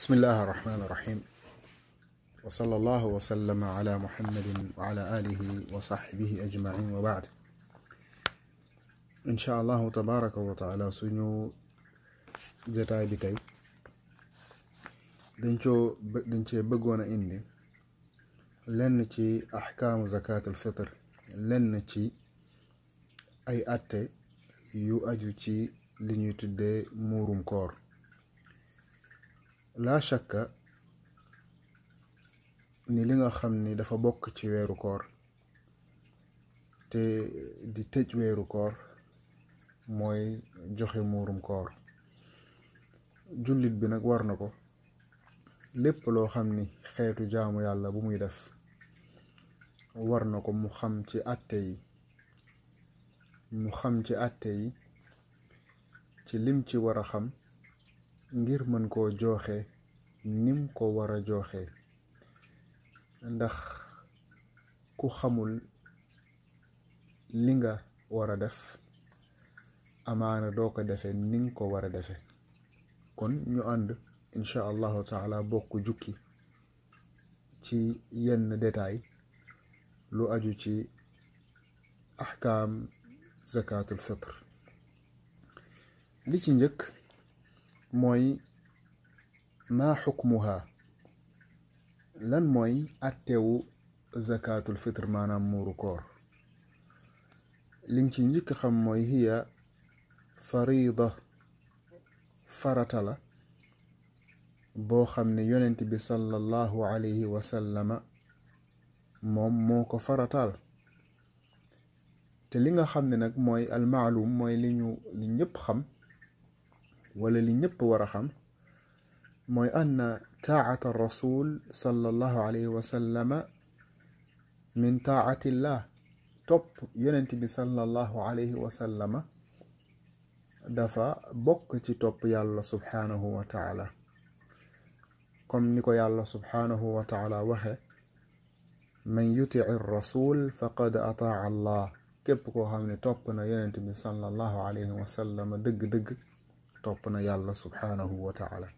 بسم الله الرحمن الرحيم وصلى الله وسلم على محمد وعلى آله وصحبه أجمعين وبعد إن شاء الله تبارك وتعالى سنو جتاي بكي دنشو دنشي بقونا إني لنشي أحكام زكاة الفطر لنشي أي أتي يؤجوشي لنيتدي مورم كور laa shakka ni li nga xam ni dafa bokk ci weeru koor te di tëj weeru koor mooy joxe muurum koor jullit bi nag war na ko lépp loo xam ni xeetu jaamu yàlla bu muy def war na ko mu xam ci àtte yi mu xam ci àtte yi ci lim ci war a xam ngir mën koo jooxe nim ko war a joxe ndax ku xamul li nga war a def amaana doo ko defe ni ko war a defe kon ñu ànd incha allahu taala bokk jukki ci yenn détail lu aju ci ahkaam zakatul fitr li ci njëkk mooy ما xukmuha lan mooy attewu zakaatul fitr maanaam muuru koor liñ ci njëkk xam mooy hiya farida farata la boo xam ne yonent bi sallallahu alayhi wa sallama moom moo ko farataal te li nga xam ne nag mooy almaalum mooy li ñu li ñëpp xam wala li ñëpp war a xam مي أن طاعة الرسول صلى الله عليه وسلم من طاعة الله توب ينتبه صلى الله عليه وسلم دفا تي توب يالا سبحانه وتعالى كم نيكو يالا سبحانه وتعالى وهي من يطع الرسول فقد أطاع الله كيبكو هامني توبنا ينتبه صلى الله عليه وسلم دق دق توبنا يالا سبحانه وتعالى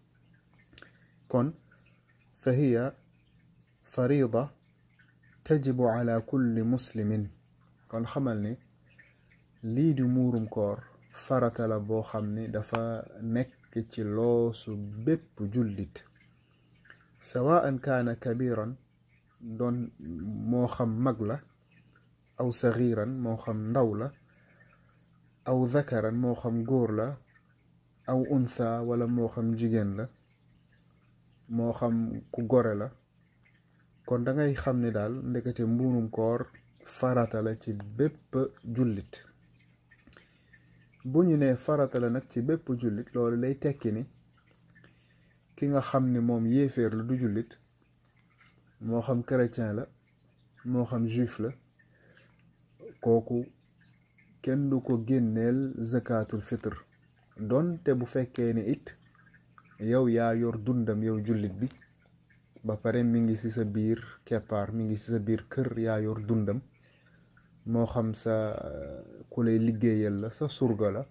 حق فهي فريضة تجب على kulli muslimin kon xamal ni lii di muurum koor farata boo xam ni dafa nekk ci loosu bépp jullit sawaan kaana kabiran doon moo xam mag la aw saxiiran moo xam la aw zakaran moo xam góor la aw untha wala mooxam xam jigéen la moo xam ku gore la kon dangay xam ni daal ndekete mbuunum koor farata la ci bépp jullit bu ñu nee farata la nag ci bépp jullit loolu lay tekki ni ki nga xam ni moom yéeféer la du jullit moo xam chrétien la moo xam juif la kooku kenn du ko génneel zakaatul fitr donte bu fekkee ni it yow yaa yor dundam yow jullit bi ba pare mi ngi ci sa biir keppaar mi ngi si sa biir kër yaa yor dundam moo xam sa euh, ku lay liggéeyal la sa surgo la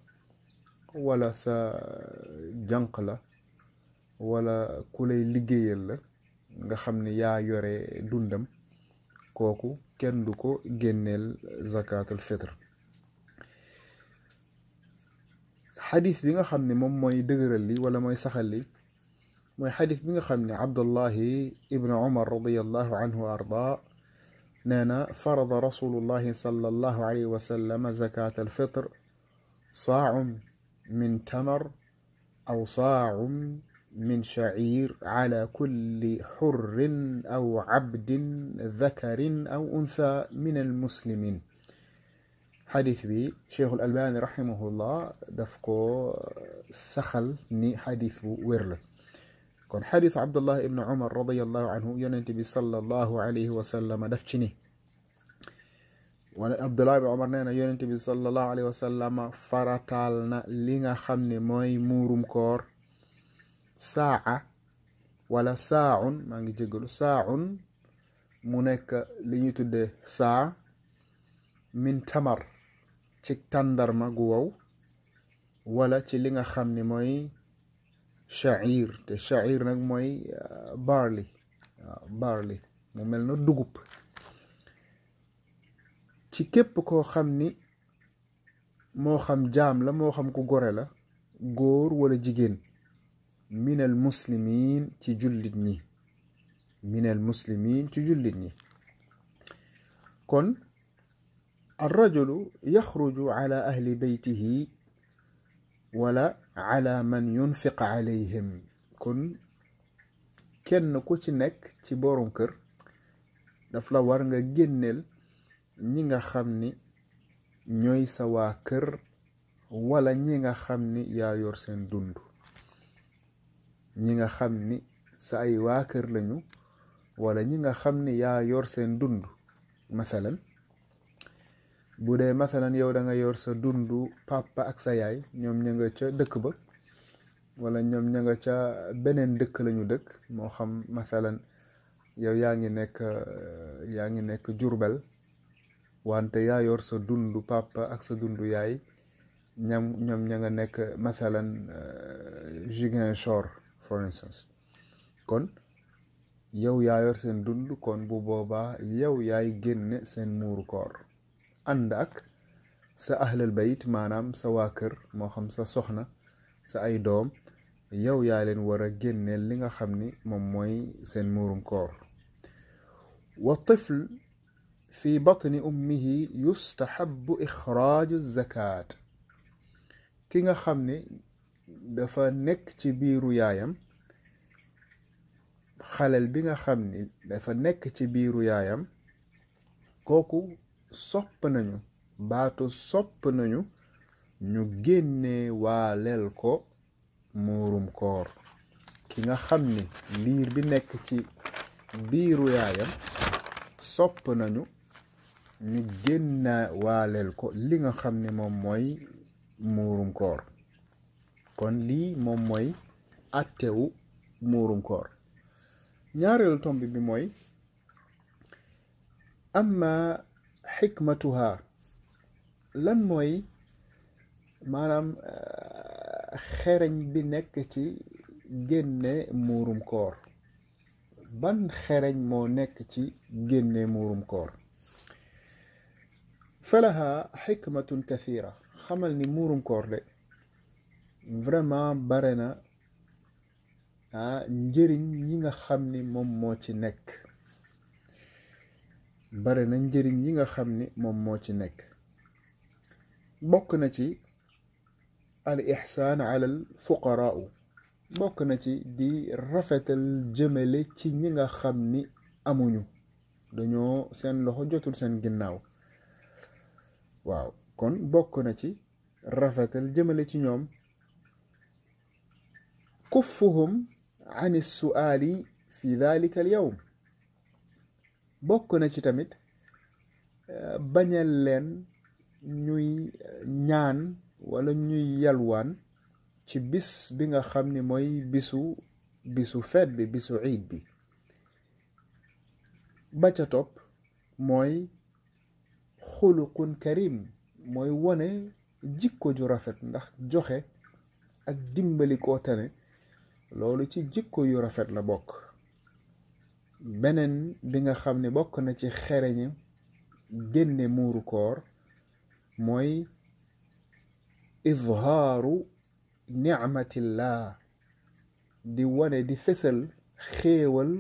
walla sa euh, jànq la wala ku lay liggéeyal la nga xam ne yaa yore dundam kooku kenn du ko génneel zakaatul fitr حديث بيغا خامني موم موي دغرل لي ولا موي ساخال لي موي حديث بيغا خامني عبد الله ابن عمر رضي الله عنه وارضاه نانا فرض رسول الله صلى الله عليه وسلم زكاة الفطر صاع من تمر أو صاع من شعير على كل حر أو عبد ذكر أو أنثى من المسلمين xadis bi cheikhul albani rahimahullah daf ko saxal ni xadis bu wér la kon xadisu abdullah ibn umar radiallahu anhu ci ni wala abdullah ibn umar nee na yonente bi nga xam ne mooy muurum koor saaca wala maa ngi jégalu saaun nekk li ñuy tuddee saa min tamar ci tàndarma gu wow wala ci li nga xam ni mooy sha'ir te sha'ir nag mooy uh, barley waaw barley mu mel na dugub ci képp koo xam ni moo xam jaam la moo xam ku gore la góor walla jigéen minal muslimin ci jullit ñi minal muslimin ci jullit ñi kon الرجل يخرج على أهل بيته wala ala man yunfiq alayhim kon kenn ku ci nekk ci borom kër daf la war nga génneel ñi nga xam ni ñooy sa waa wala ñi nga xam ni yaa yor seen dund ñi nga xam ni sa ay waa kër lañu wala ñi nga xam ni yaa yor seen dund mathalan bu dee masalan yow da nga yor sa dundu papa ak sa yaay ñoom ña nga ca dëkk ba wala ñoom ña nga ca beneen dëkk lañu dëkk moo xam masalan yow yaa ngi nekk euh, yaa ngi nekk Jurbel wante yaa yor sa dundu papa ak sa dundu yaay ñam ñoom ña nga nekk masalan euh, Ziguinchor for instance kon yow yaa yor seen dund kon bu boobaa yow yaay génne seen muuru koor ànd ak sa ahlal bayit maanaam sa waa kër moo xam sa soxna sa ay doom yow yaa leen war a génneel li nga xam ni moom mooy seen muurum koor wa tifl fi batni ummihi yustahabu ixraaju zakaat ki nga xam ni dafa nekk ci biiru yaayam xalel bi nga xam ni dafa nekk ci biiru yaayam kooku sopp nañu baatu sopp nañu ñu génne waaleel ko muurum koor ki nga xam ni liir bi nekk ci biiru yaayam sopp nañu ñu génnaa waaleel ko li nga xam ni moom mooy muurum koor kon lii moom mooy àttewu muurum koor ñaareelu tomb bi mooy amma xikmatuha lan mooy maanaam eh, xereñ bi nekk ci génne muurum koor ban xereñ moo nekk ci génne muurum koor falaha xikmatun kathira xamal ni muurum koor de vraiment bare na ah njëriñ yi nga xam ni moom moo ci nekk bare na njëriñ yi nga xam ni moom moo ci nekk bokk na ci al ihsan ala al fuqaraa bokk na ci di rafetal jëmele ci ñi nga xam ni amuñu dañoo seen loxo jotul seen ginnaaw waaw kon bokk na ci rafetal jëmele ci ñoom kuffuhum an suaali fi dalika al bokk na ci tamit euh, bañal leen ñuy ñaan wala ñuy yalwaan ci bis bi nga xam ni mooy bisu bisu feet bi bisu iid bi ba ca topp mooy xuluqun karim mooy wane jikko ju rafet ndax joxe ak dimbali koo tane loolu ci jikko yu rafet la bokk beneen bi nga xam ni bokk na ci xereñe génne muuru koor mooy izhaaru nicmatillah di wane di fësal xéewal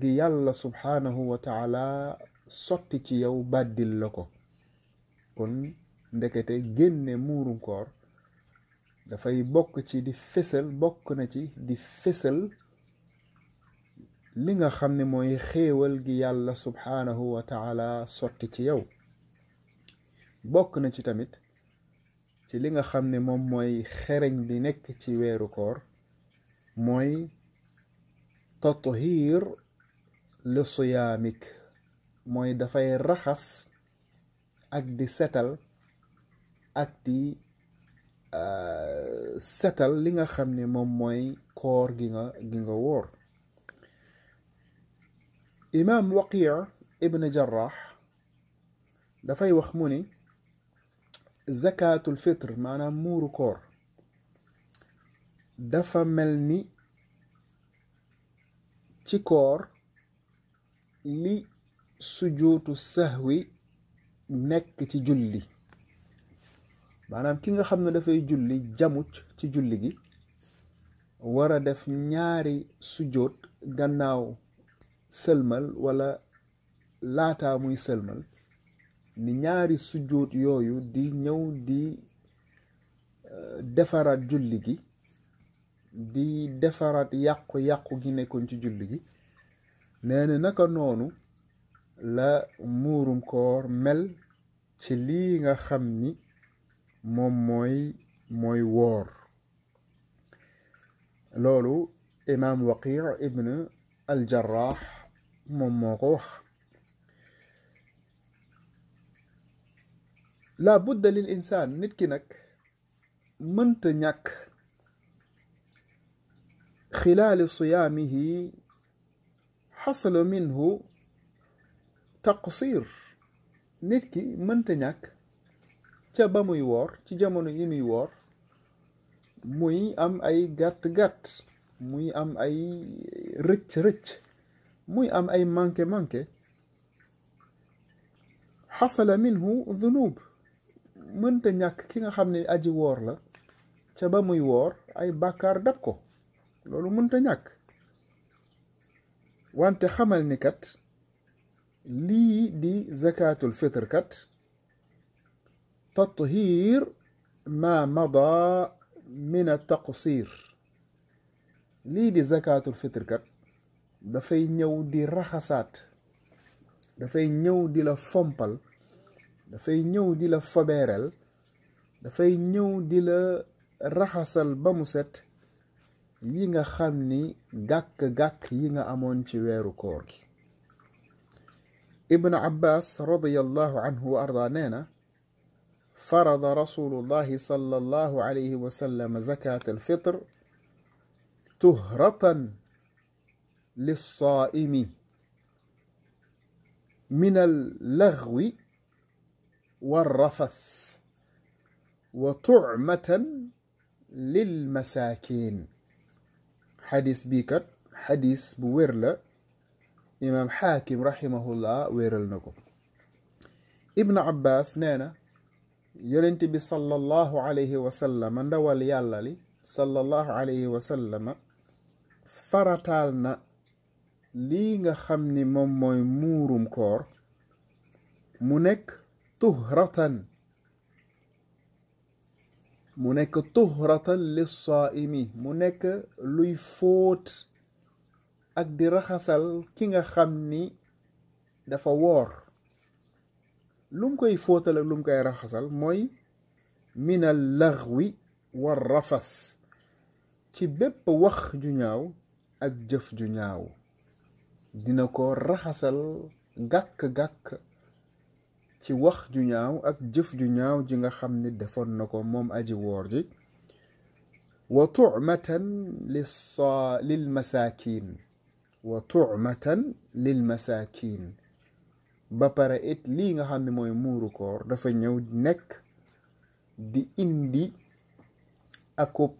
gi yàlla subhaanahu wa taala sotti ci yow bàddil la ko kon ndekete génne muuru koor dafay bokk ci di fësal bokk na ci di fësal li nga xam ne mooy xéewal gi yàlla subhaanahu wa taala sotti ci yow bokk na ci tamit ci li nga xam ne moom mooy xereñ bi nekk ci weeru koor mooy tathiir li siyaamik mooy dafay raxas ak di setal ak di euh, setal li nga xam ne moom mooy koor gi nga wóor imaam waqii ibn jarraax dafay wax mu ni zakaatul fitr maanaam muuru koor dafa mel ni ci koor li sujuutu sahwi nekk ci julli maanaam ki nga xam ne dafay julli jamu ci julli gi wara def ñaari sujuut gannaaw sëlmal wala laataa muy sëlmal ni ñaari sujjóot yooyu di ñëw di euh, defaraat julli gi di defaraat yàqu-yàqu gi nekkoon ci julli gi nee naka noonu la muurum koor mel ci lii nga xam ni moom mooy mooy woor loolu imaam waqir ibn al jarraax moom moo ko wax la budda lil insaan nit ki nag mënta ñàkk xilaali siyaamihi xasala minhu taqsir nit ki mënta ñàkk ca ba muy woor ci jamono yi muy woor muy am ay gàtt-gàtt muy am ay rëcc-rëcc مي أم أي مانكة مانكة حصل منه ذنوب من تنياك كي نخمني أجي وار لا تبا مي وار أي بكار دبكو لولو من تنياك وانت خمل نكت لي دي زكاة الفطر كت تطهير ما مضى من التقصير لي دي زكاة الفطر كت fay ñëw di da fay ñëw di la fompal fay ñëw di la da fay ñëw di la raxasal ba mu set yi nga xamni gak gak yi nga amon ci wéru koor gi ibn abbas radiallahu anhu arda nee فرض رسول الله sallallahu الله عليه وسلم زكاة الفطر tuhratan للصائم من اللغو والرفث وطعمة للمساكين حديث بيكر حديث بويرلا إمام حاكم رحمه الله ويرل ويرلنكو ابن عباس نانا بي صلى الله عليه وسلم ندوال يالالي صلى الله عليه وسلم فرطالنا lii nga xam ni moom mooy muurum koor mu nekk tuhratan mu nekk tuhratan lissaimi mu nekk luy fóot ak di raxasal ki nga xam ni dafa woor lum koy fóotal ak lum koy raxasal mooy min al laghwi war rafas ci bépp wax ju ñaaw ak jëf ju ñaaw dina ko raxasal gàkk-gàkk ci wax ju ñaaw ak jëf ju ñaaw ji nga xam ni defoon na ko moom aji woor ji wa tu'matan lil masaakin wa tu'matan lil masaakin ba pare it lii nga xam ni mooy muuru koor dafa ñëw nekk di indi akub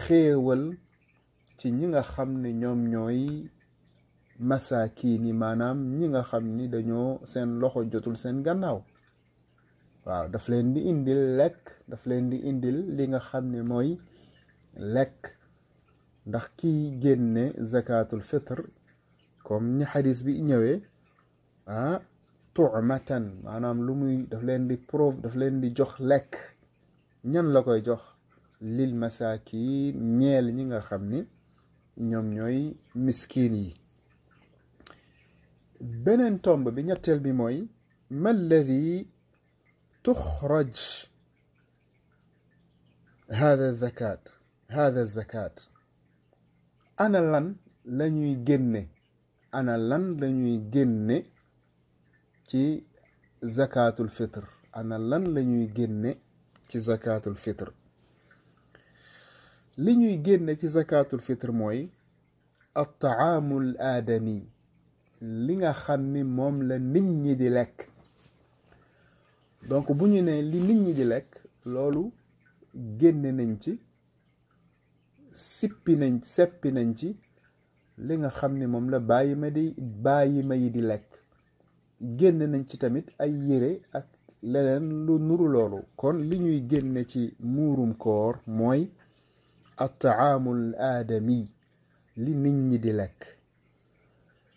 xéewal ci ñi nga xam ne ñoom ñooy masaakiin yi maanaam ñi nga xam ni dañoo seen loxo jotul seen gannaaw waaw daf leen di indil lekk daf leen di indil li nga xam ni mooy lekk ndax kiy génne zakatul fitr comme ñi xadis bi ñëwee ah tuumatan maanaam lu muy daf leen di prove daf leen di jox lekk ñan la koy jox lil masaakiin ñeel ñi nga xam ni ñoom ñooy miskin yi بنن توم بنيتل بموي ما الذي تخرج هذا الزكاة هذا الزكاة أنا لن لن يجنن أنا لن لن يجنن تي زكاة الفطر أنا لن لن يجنن تي زكاة الفطر لن يجنن تي زكاة الفطر موي الطعام الآدمي li nga xam ni moom la nit ñi di lekk donc bu ñu nee li nit ñi di lekk loolu génne nañ ci sippi nañ seppi nañ ci li nga xam ni moom la bàyyi ma di bàyyi ma yi di lekk génne nañ ci tamit ay yére ak leneen lu nuru loolu kon li ñuy génne ci muurum koor mooy at taamul aadami li nit ñi di lekk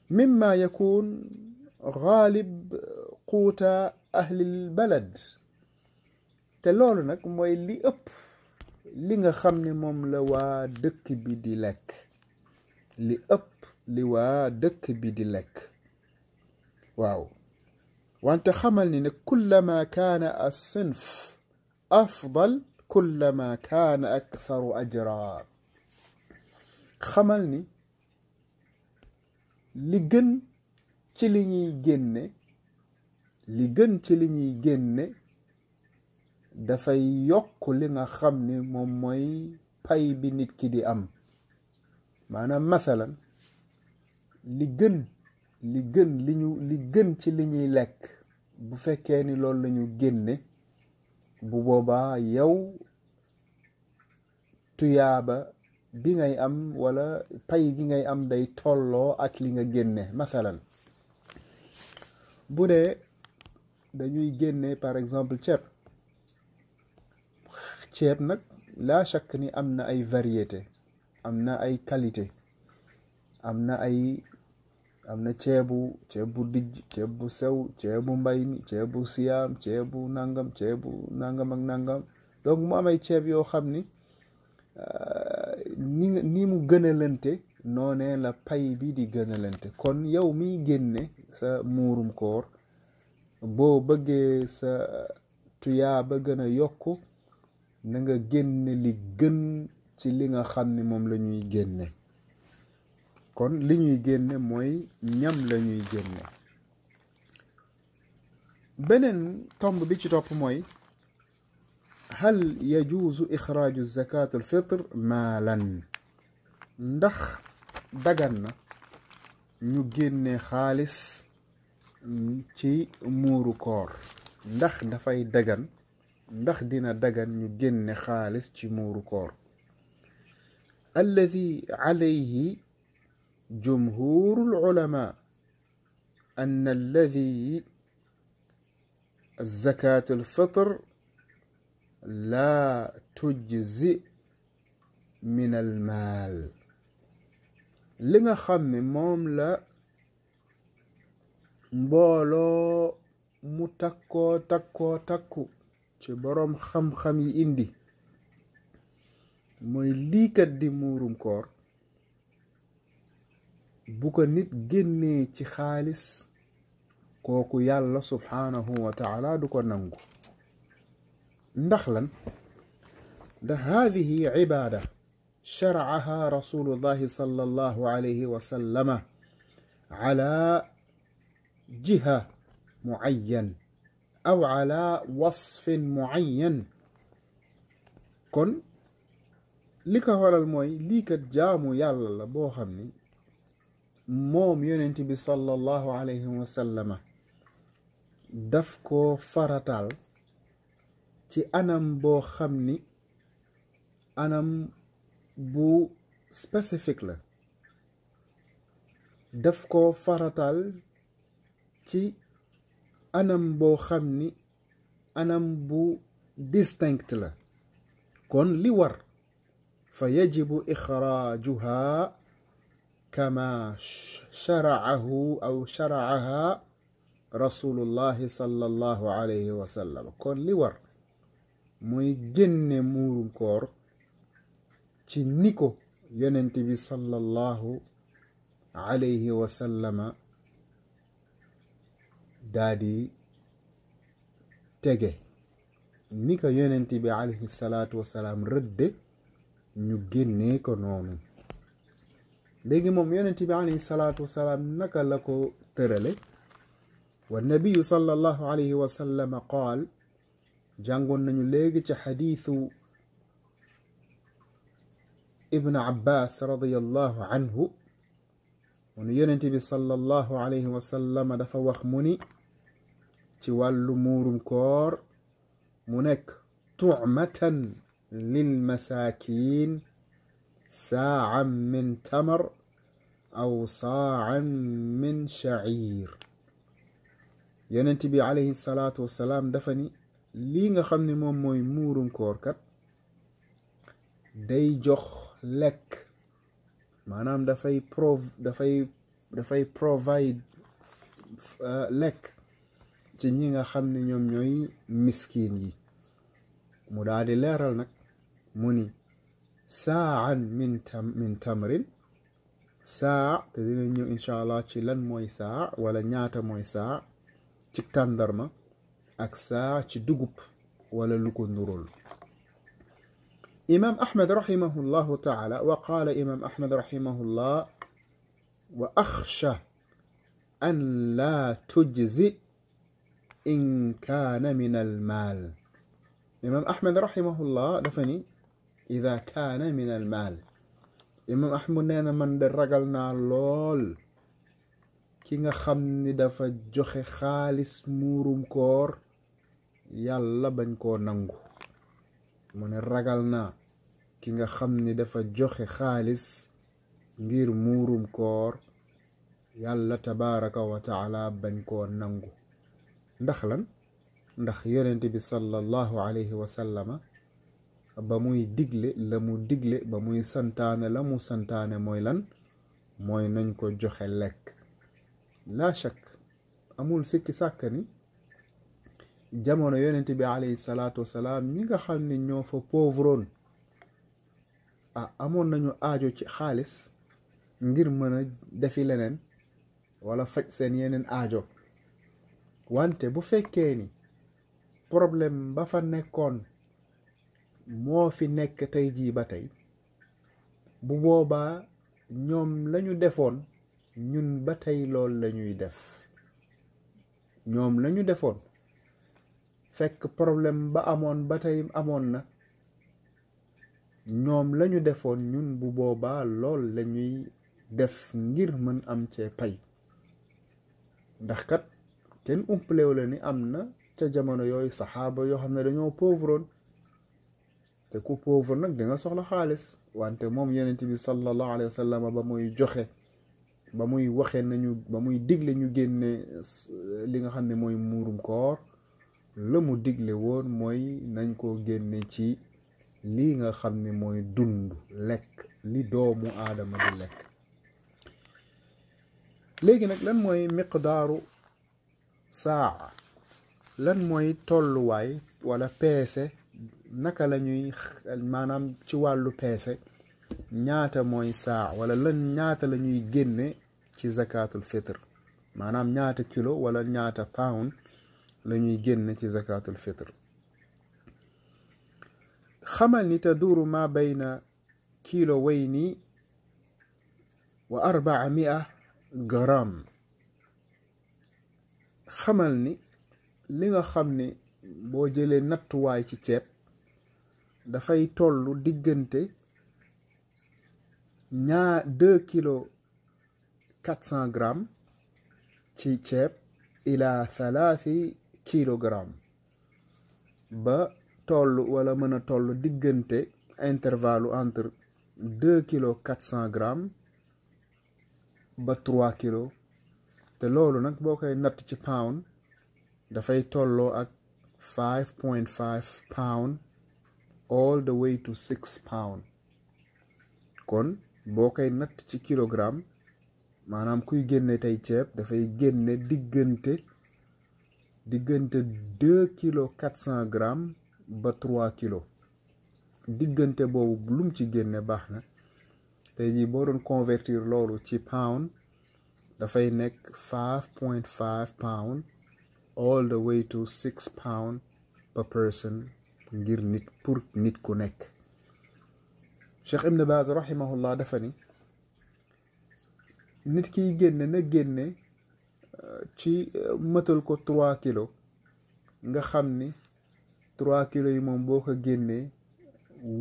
مما يكون غالب قوت أهل البلد تلولو نك موي لي اوب ليغا خامني موم لا وا دك بي دي لك لي اوب لي وا دك بي دي لك واو وانت خملني نك كلما كان الصنف افضل كلما كان اكثر اجرا خملني li gën ci li ñuy génne li gën ci li ñuy génne dafay yokk li nga xam ni moom mooy pay bi nit ki di am maanaam masalan li gën li gën li ñu li gën ci li ñuy lekk bu fekkee ni loolu lañu génne bu boobaa yow tuyaaba bi ngay am wala pay gi ngay am day tolloo ak li nga génne masalan bu dee dañuy génne par exemple ceeb ceeb nag la shakk ni am na ay variété am na ay qualité am na ay am na ceebu ceebu dijj ceeb bu sew ceebu mbay mi ceebu siyaam bu nangam ceebu nangam ak nangam donc mu am ceeb yoo xam ni ni ni mu gënalante noonee la pay bi di gënalante kon yow miy génne sa muurum koor boo bëggee sa tuyaa ba gën a yokk na nga génne li gën ci li nga xam ni moom lañuy génne kon li ñuy génne mooy ñam lañuy génne beneen tomb bi ci topp mooy هل يجوز إخراج الزكاة الفطر مالا ندخ دغن نجين خالص تي مورو كور ندخ دفاي دقن ندخ دينا دغن نجين خالص تي مورو كور الذي عليه جمهور العلماء أن الذي الزكاة الفطر la tujzi min almal li nga xam ne moom la mbooloo mu takkoo takkoo takku ci boroom xam-xam yi indi mooy liikat di muurum koor bu ko nit génnee ci xaalis kooku yàlla subhanahu wa taala du ko nangu ndax lan ndax haadihi ibaada sharaaha rasulullahi sallallahu alayhi wa sallama ala jiha muayyan aw ala wasfin muayyan kon li ko waral mooy lii kat jaamu yàlla la boo xam ni moom yonent bi sallallahu alayhi wa sallama daf koo farataal ci anam bo xamni anam bu spécifique la daf ko faratal ci anam bo xamni anam bu distinct la kon li war fa yajibu كما kama أو شرعها رسول الله sallallahu alayhi wa sallam kon li mooy génne muurum koor ci niko ko yonent bi sallallahu alayhi wa tege ni ko yonent bi salaatu wa salaam rëdde ñu génnee ko noonu léegi moom yonent bi alayhi salaatu wa naka la ko tërale wa nabiyu sallallahu alayhi wa sallama qaal jàngoon nañu léegi ci xadiisu ibn abbas radiallahu anhu mu nu yonent bi sallallahu alayhi wa dafa wax mu ni ci wàllu muurum koor mu nekk tucmatan lil masaakiin saacan min tamar aw saacan min shaciir yonent bi alayhi salaatu wasalaam dafa ni lii nga xam ni moom mooy muurum koorkat day jox lekk maanaam dafay dafay dafay provide euh, lekk ci ñi nga xam ni ñoom ñooy miskin yi mu daal leeral nag mu ni saan min tam min tamrin saa te dina ñëw incha allah ci lan mooy saa wala ñaata mooy saa ci tàndarma ak saa ci dugub wala lu ko nurul imaam ahmad rahimahullahu taala wa qaala imaam ahmad rahimahullah wa axsha an laa tujzi in kaana min almaal imaam ahmad rahimahullah dafa ni ida kaana min almaal imaam ahmad nee na man de ragal naa lool ki nga xam ni dafa joxe xaalis muurum koor yàlla bañ koo nangu mu ne ragal naa ki nga xam ni dafa joxe xaalis ngir muurum koor yàlla tabaaraka wa taala bañ koo nangu ndax lan ndax yonent bi sallallahu alayhi wa sallama ba muy digle la mu digle ba muy santaane la mu santaane mooy lan mooy nañ ko joxe lekk laa shakk amul sikki sàkk ni jamono yonent bi alayhi salaatu wasalaam ñi nga xam ne ñoo fa pauvroon a ah, amoon nañu ajo ci xaalis ngir mën a defi leneen wala faj seen yeneen ajo wante bu fekkee ni problème ba fa nekkoon moo fi nekk tey jii ba tey bu boobaa ñoom lañu defoon ñun ba tey lool lañuy def ñoom lañu defoon fekk problème ba amoon ba tey amoon na ñoom lañu defoon ñun bu boobaa lool lañuy def ngir mën am cee pay ndax kat kenn umpalewu la ni am na ca jamono yooyu saxaaba yoo xam ne dañoo pauvroon te ku pauvre nag danga soxla xaalis wante moom yonent bi sallallahu alayhi wa sallam ba muy joxe ba muy waxe nañu ba muy digle ñu génne li nga xam ne mooy muurum koor la mu digle woon mooy nañ ko génne ci lii nga xam ni mooy dund lekk li doomu aadama di lekk léegi nag lan mooy miqdaaru saa lan mooy tolluwaay wala peese naka la ñuy maanaam ci wàllu peese ñaata mooy saa wala lan ñaata la ñuy génne ci zakatul fitr maanaam ñaata kilo wala ñaata pound lañuy génn ci zakatul fitr xamal ni taduuru ma bayna kilo wayni wa arbaa mia gram xamal ni li nga xam ni boo jëlee nattuwaay ci ceeb dafay tollu diggante ñaar deux kilo quatre cent grammes ci ceeb ila thalathi kilo kilogramme ba toll wala mën a toll diggante intervalle entre deux kilos quatre gramme grammes ba trois kilos te loolu nag boo koy natt ci pound dafay tolloo ak five point five pound all the way to six pound kon boo koy natt ci kilogramme maanaam kuy génne tey ceeb dafay génne diggante diggante kilo kilos quatre cent grammes ba trois diggante boobu lum ci génne baax na te jii boo doon convertir loolu ci pound dafay nekk five point five pound all the way to six pound per person ngir nit pour nit ku nekk Cheikh Ibn Baz rahimahullah dafa ni nit kiy génne na génne ci euh, mëtal ko trois kilo nga xam ni trois kilos yi moom boo ko génnee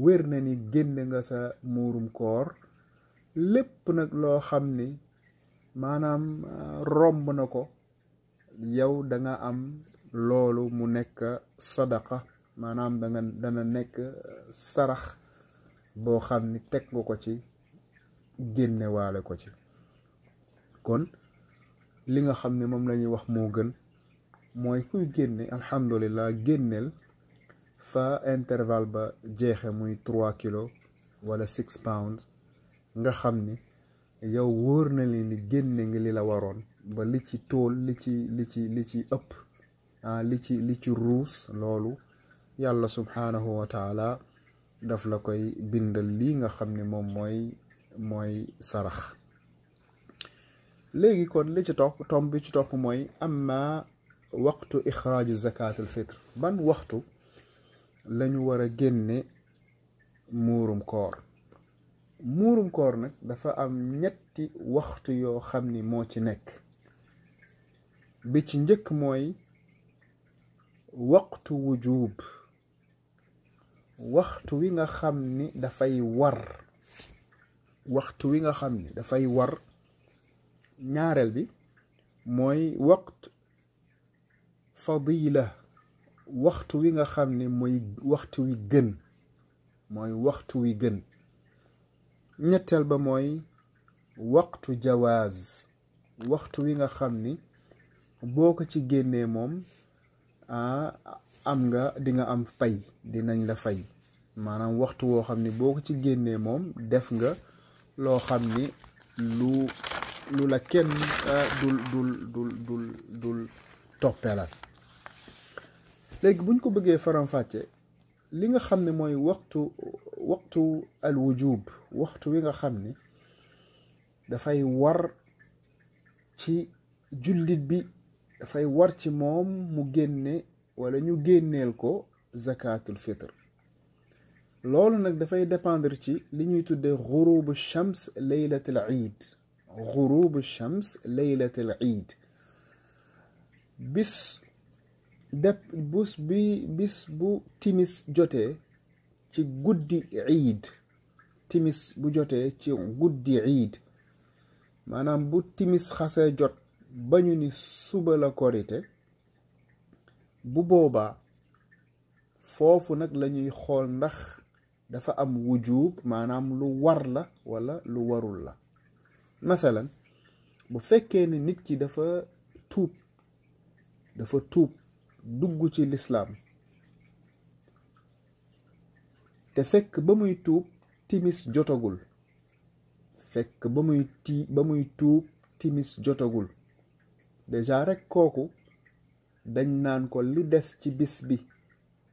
wér na ni génne nga sa muurum koor lépp nag loo xam ni maanaam euh, romb na ko yow danga am loolu mu nekk sadaqa maanaam da nga dana nekk euh, sarax boo xam ni teg nga ko ci génnewaale ko ci kon li nga xam ni moom lañuy wax moo gën mooy kuy génne alhamdulillah génneel fa intervalle ba jeexe muy trois kilo wala six pounds nga xam ni yow wóor na li ni génne nga li la waroon ba li ci tool li ci ci li ci ëpp ah, li ci li ci ruus loolu yàlla subhaanahu wa taala daf la koy bindal lii nga xam ni moom mooy mooy sarax léegi kon li ci topp tom bi ci topp mooy amma waxtu ixraaju zakaatul fitr ban waxtu lañu war a génne muurum koor muurum koor nag dafa am ñetti waxtu yoo xam ni moo ci nekk bi ci njëkk mooy waxtu wujub waxtu wi nga xam ni dafay war waxtu wi nga xam ni dafay war ñaareel bi mooy waqt fadila waxtu wi nga xam ne mooy waxtu wi gën mooy waxtu wi gën ñetteel ba mooy waxtu jawaaz waxtu wi nga xam ni boo ko ci génnee moom ah, am nga dinga am fay dinañ la fay maanaam waxtu woo xam ni boo ko ci génnee moom def nga loo xam ni lu lu la kenn ah, dul dul dul dul dul toppee la léegi buñ ko bëggee faram li nga xam ne mooy waxtu waxtu al waxtu wi nga xam ni dafay war ci jullit bi dafay war ci moom mu génne wala ñu génneel ko zakatul fitr loolu nag dafay dépendre ci li ñuy tuddee xurubu shams laylatul iid xurubu shams laylatul iid bis dep bis bu timis jotee ci guddi iid timis bu jotee ci guddi iid maanaam bu timis xasee jot ba ñu ni suba la korite bu boobaa foofu nag lañuy xool ndax dafa am wujub maanaam lu war la wala lu warul la masalan bu fekkee ne nit ki dafa tuub dafa tuub dugg ci lislaam te fekk ba muy tuub timis jotagul fekk ba muy ti ba muy tuub timis jotagul déjà rekk kooku dañ naan ko li des ci bis bi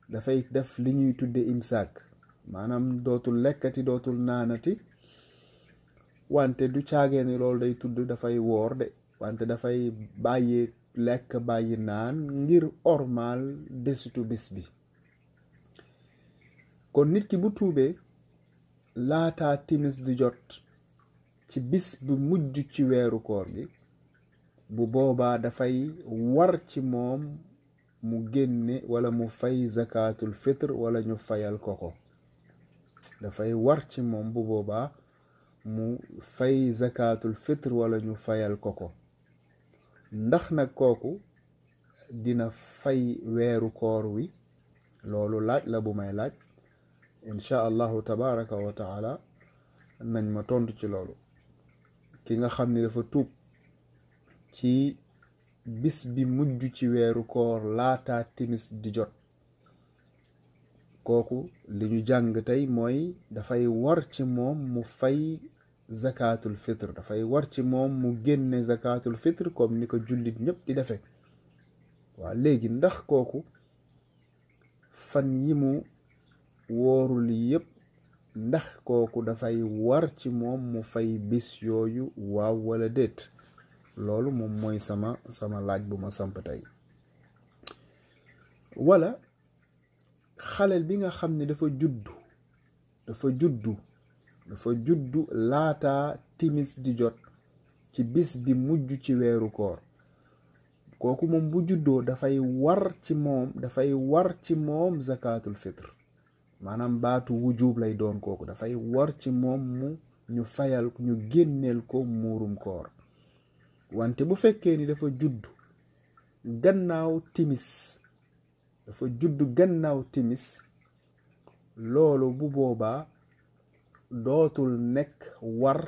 dafay def li ñuy tudde imsaak manam dotul lekkati dotul nanati wante du cageniol day tudd dafay woor de wante dafay bàyyi lekk bàyyi naan ngir ormal desitu bis bi kon nit ki bu tuubee laata timis di jot ci bis bu mujj ci weeru koor gi bu booba dafay war ci moom mu génne wala mu fay zakatul fitre wala ñu fayal koko dafay war ci moom bu boobaa mu fay zakatul fitr wala ñu fayal ko ko ndax nag kooku dina fay weeru koor wi loolu laaj la bu may laaj incha allahu tabaraka wa nañ ma tontu ci loolu ki nga xam ni dafa tuub ci bis bi mujj ci weeru koor laata timis di jot kooku li ñu jàng tey mooy dafay war ci moom mu fay zakatul fitre dafay war ci moom mu génne zakatul fitre comme ni ko jullit ñëpp di defe waa léegi ndax kooku fan yi mu woorul yépp ndax kooku dafay war ci moom mu fay bis yooyu waaw wala déet loolu moom mooy sama sama laaj bu ma samp tey wala xaleel bi nga xam ne dafa juddu dafa juddu dafa juddu laata timis di jot ci bis bi mujj ci weeru koor kooku moom bu juddoo dafay war ci moom dafay war ci moom zakatul fitr maanaam baatu wujub lay doon kooku dafay war ci moom mu ñu fayal ñu génneel ko muurum koor wante bu fekkee ni dafa juddu gannaaw timis dafa judd gannaaw timis loolu bu boobaa dootul nekk war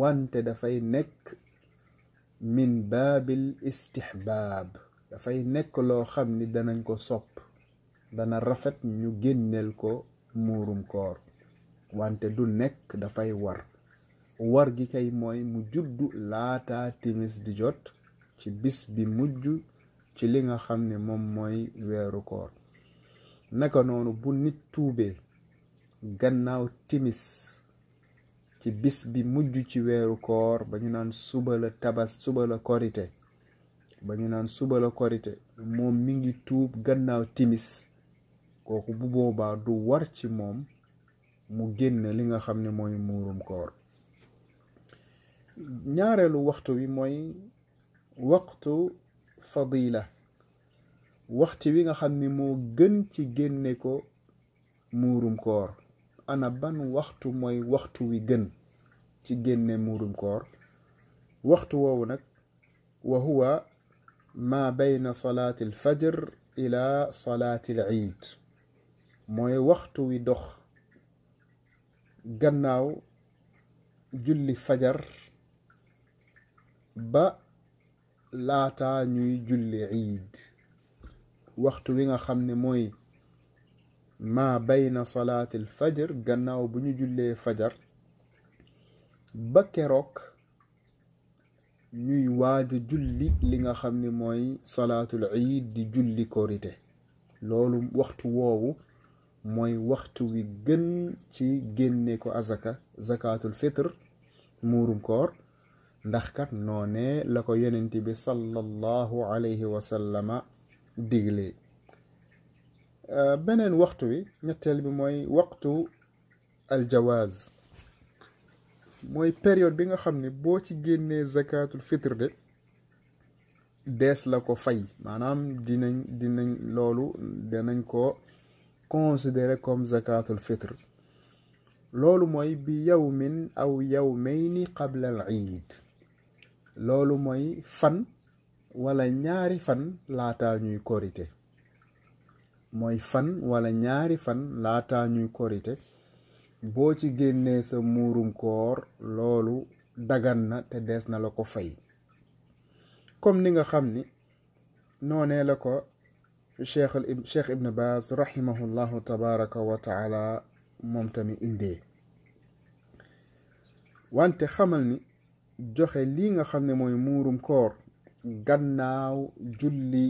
wante dafay nekk min baabil istihbaab dafay nekk loo xam ni danañ ko sopp dana rafet ñu génneel ko muurum koor wante du nekk dafay war war gi kay mooy mu judd laata timis di jot ci bis bi mujj ci li nga xam ni moom mooy weeru koor naka noonu bu nit tuubee gannaaw timis ci bis bi mujj ci weeru koor ba ñu naan suba la tabas suba la korite ba ñu naan suba la korite moom mi ngi tuub gannaaw timis kooku bu boobaa du war ci moom mu génne li nga xam ni mooy muurum koor ñaareelu waxtu wi mooy waxtu fadila waxtu wi nga xam ni moo gën ci génne ko muurum koor ana ban waxtu mooy waxtu wi gën ci génne muurum koor waxtu woowu nag wa huwa ma bayna salaati alfajr ila salaati aliid mooy waxtu wi dox gannaaw julli fajar ba laata ñuy julli iid waxtu wi nga xam ni mooy maa bayna salaatil fajar gannaaw bu ñu jullee fajar ba keroog ñuy waaja julli li nga xam ni mooy salaatul iid di julli korite loolu waxtu woowu mooy waxtu wi gën ci génne ko azaka zakatul fitr muurum koor ndax kat noonee la ko yonent bi sallallahu alayhi wa sallama digle euh, beneen waxtu wi ñetteel bi mooy waxtu aljawaaz mooy période bi nga xam ni boo ci génnee zakatul fitre de dees la ko fay maanaam dinañ dinañ loolu danañ ko considéré comme zakatul fitre loolu mooy bi yawmin aw yawmayni qabla al iid loolu mooy fan wala ñaari fan laataa ñuy korite mooy fan wala ñaari fan laata ñuy korite boo ci génnee sa muurum koor loolu dagan na te dees na la ko fay comme ni nga xam ni noonee la ko cheikh cheikh ibn baaz rahimahullahu tabaraka wa taala moom xamal ni joxe lii nga xam ne mooy muurum koor gannaaw julli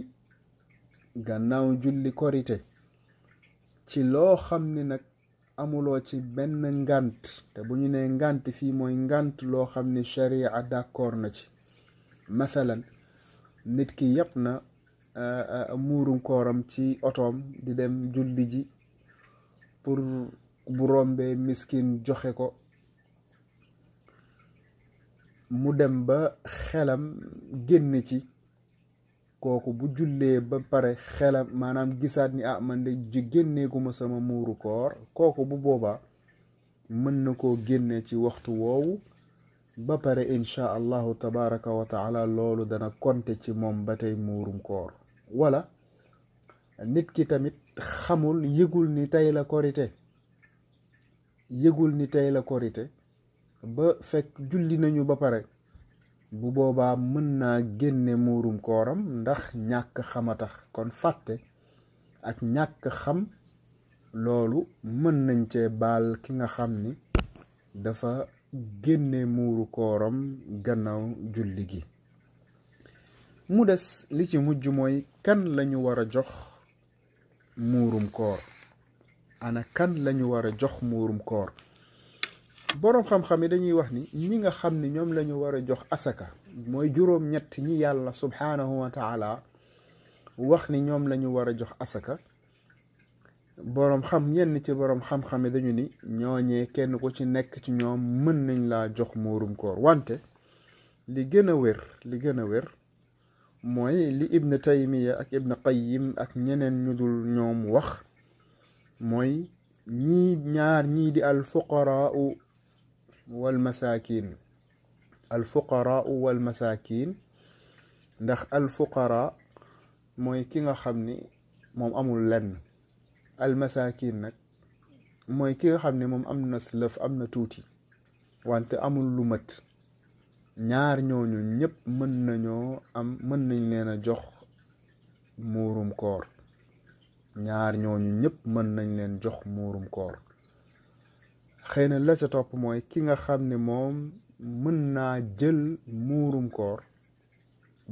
gannaaw julli korite ci loo xam ni nag amuloo ci benn ngànt te bu ñu nee ngànt fii mooy ngànt loo xam ne sharia d'accord na ci mathalan nit ki yëpp na euh, euh, muurum kooram ci otoom di dem julli ji pour bu rombee miskin joxe ko mu dem ba xelam génne ci kooku bu jullee ba pare xelam maanaam gisaat ni ah man de génneeku ma sama muuru koor kooku bu boobaa mën na ko génne ci waxtu woowu ba pare inchaa allahu tabaraka wa loolu dana konte ci moom ba tey muurum koor wala nit ki tamit xamul yëgul ni tey la korite yëgul ni tey la korite ba fekk julli nañu ba pare bu boobaa mën naa génne muurum kooram ndax ñàkk xama tax kon fàtte ak ñàkk xam loolu mën nañ cee bal ki nga xam ni dafa génne muuru kooram gannaaw julli gi mu des li ci mujj mooy kan lañu war a jox muurum koor ana kan lañu war a jox muurum koor boroom xam-xam yi dañuy wax ni ñi nga xam ni ñoom lañu ñu war a jox asaka mooy juróom-ñett ñi yàlla subhaanahu wa taala wax ni ñoom lañu ñu war a jox asaka boroom xam ñenn ci boroom xam-xam yi dañu ni ñooñee kenn ku ci nekk ci ñoom mën nañ laa jox muurum koor wante li gën a wér li gën a wér mooy li ibn taymiya ak ibn qayyim ak ñeneen ñu dul ñoom wax mooy ñii ñaar ñii di al fuqaraa والمساكين الفقراء والمساكين ندخ الفقراء موي كيغا خامني موم امول لن المساكين نك موي كيغا خامني موم امنا سلف امنا توتي وانت امول لومت ñaar ñooñu ñëpp mën nañoo am mën nañ leen a jox muurum koor ñaar ñooñu ñëpp mën nañ leen jox muurum koor xëy na la ca topp mooy ki nga xam ni moom mën naa jël muurum koor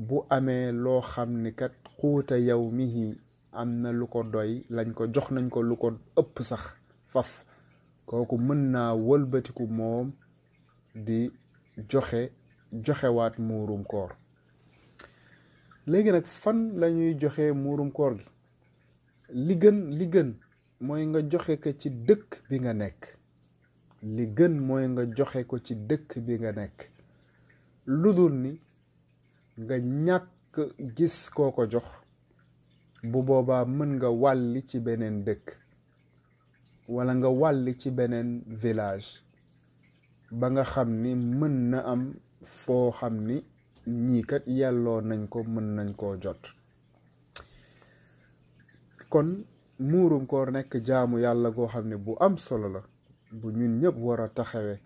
bu amee loo xam ni kat xuuta yow mihi am na lu ko doy lañ ko jox nañ ko lu ko ëpp sax faf kooku mën naa walbatiku moom di joxe joxewaat muurum koor léegi nag fan lañuy joxe muurum koor gi li gën li gën mooy nga joxe ko ci dëkk bi nga nekk li gën mooy nga joxe ko ci dëkk bi nga nekk lu dul ni nga ñàkk gis koo ko jox bu boobaa mën nga wàlli ci beneen dëkk walla nga wàlli ci beneen village ba nga xam ni mën na am foo xam ni ñii kat yelloo nañ ko mën nañ koo jot kon muurum koor nekk jaamu yàlla goo xam ne bu am solo la bu ñun ñëpp war a taxawee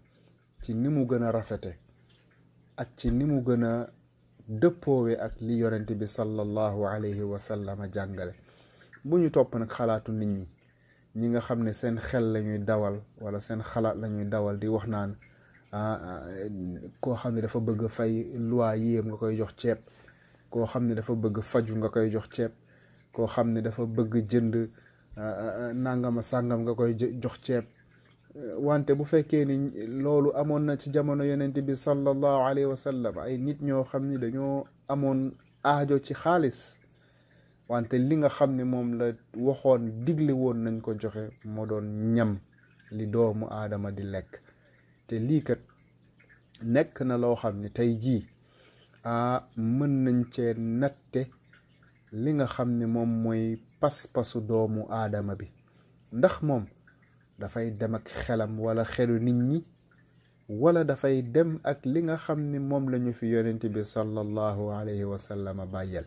ci ni mu gën a rafete ak ci ni mu gën a dëppoowee ak li yonent bi sallallahu alayhi wa sallam jàngale bu ñu topp nag xalaatu nit ñi ñi nga xam ne seen xel lañuy dawal wala seen xalaat lañuy dawal di wax naan ah, ah, koo xam ne dafa bëgg fay loi yéem nga koy jox ceeb koo xam ne dafa bëgg faju nga koy jox ceeb koo xam ne dafa bëgg jënd ah, nangama sàngam nga koy jox ceeb wante bu fekkee ni loolu amoon na ci jamono yonent bi sallallahu alayhi wa sallam ay nit ñoo xam ni dañoo amoon aajo ci xaalis wante li nga xam ni moom la waxoon digle woon nañ ko joxe moo doon ñam li doomu aadama di lekk te lii kat nekk na loo xam ne tey jii ah mën nañ cee natte li nga xam ni moom mooy pas-pasu doomu aadama bi ndax moom dafay dem ak xelam wala xelu nit ñi wala dafay dem ak li nga xam ni moom lañu ñu fi yonent bi sallallahu alayhi wa sallam bàyyel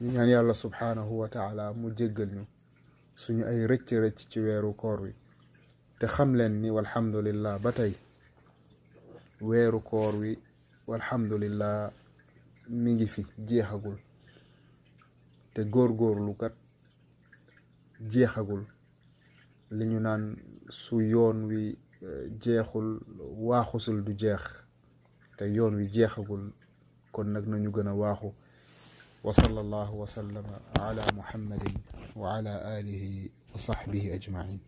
ñu ñaan yàlla subhaanahu wa mu jéggal ñu suñu ay rëcc-rëcc ci weeru koor wi te xam leen ni walhamdulillah ba tey weeru koor wi walhamdulillah mi ngi fi jeexagul te góorgóorlu kat jeexagul li ñu naan su yoon wi eh, jeexul sul du jeex te yoon wi jeexagul kon nag nañu gën a waaxu wa sallallahu wa sallama ala muhammadin wa ala wa sahbihi ajmain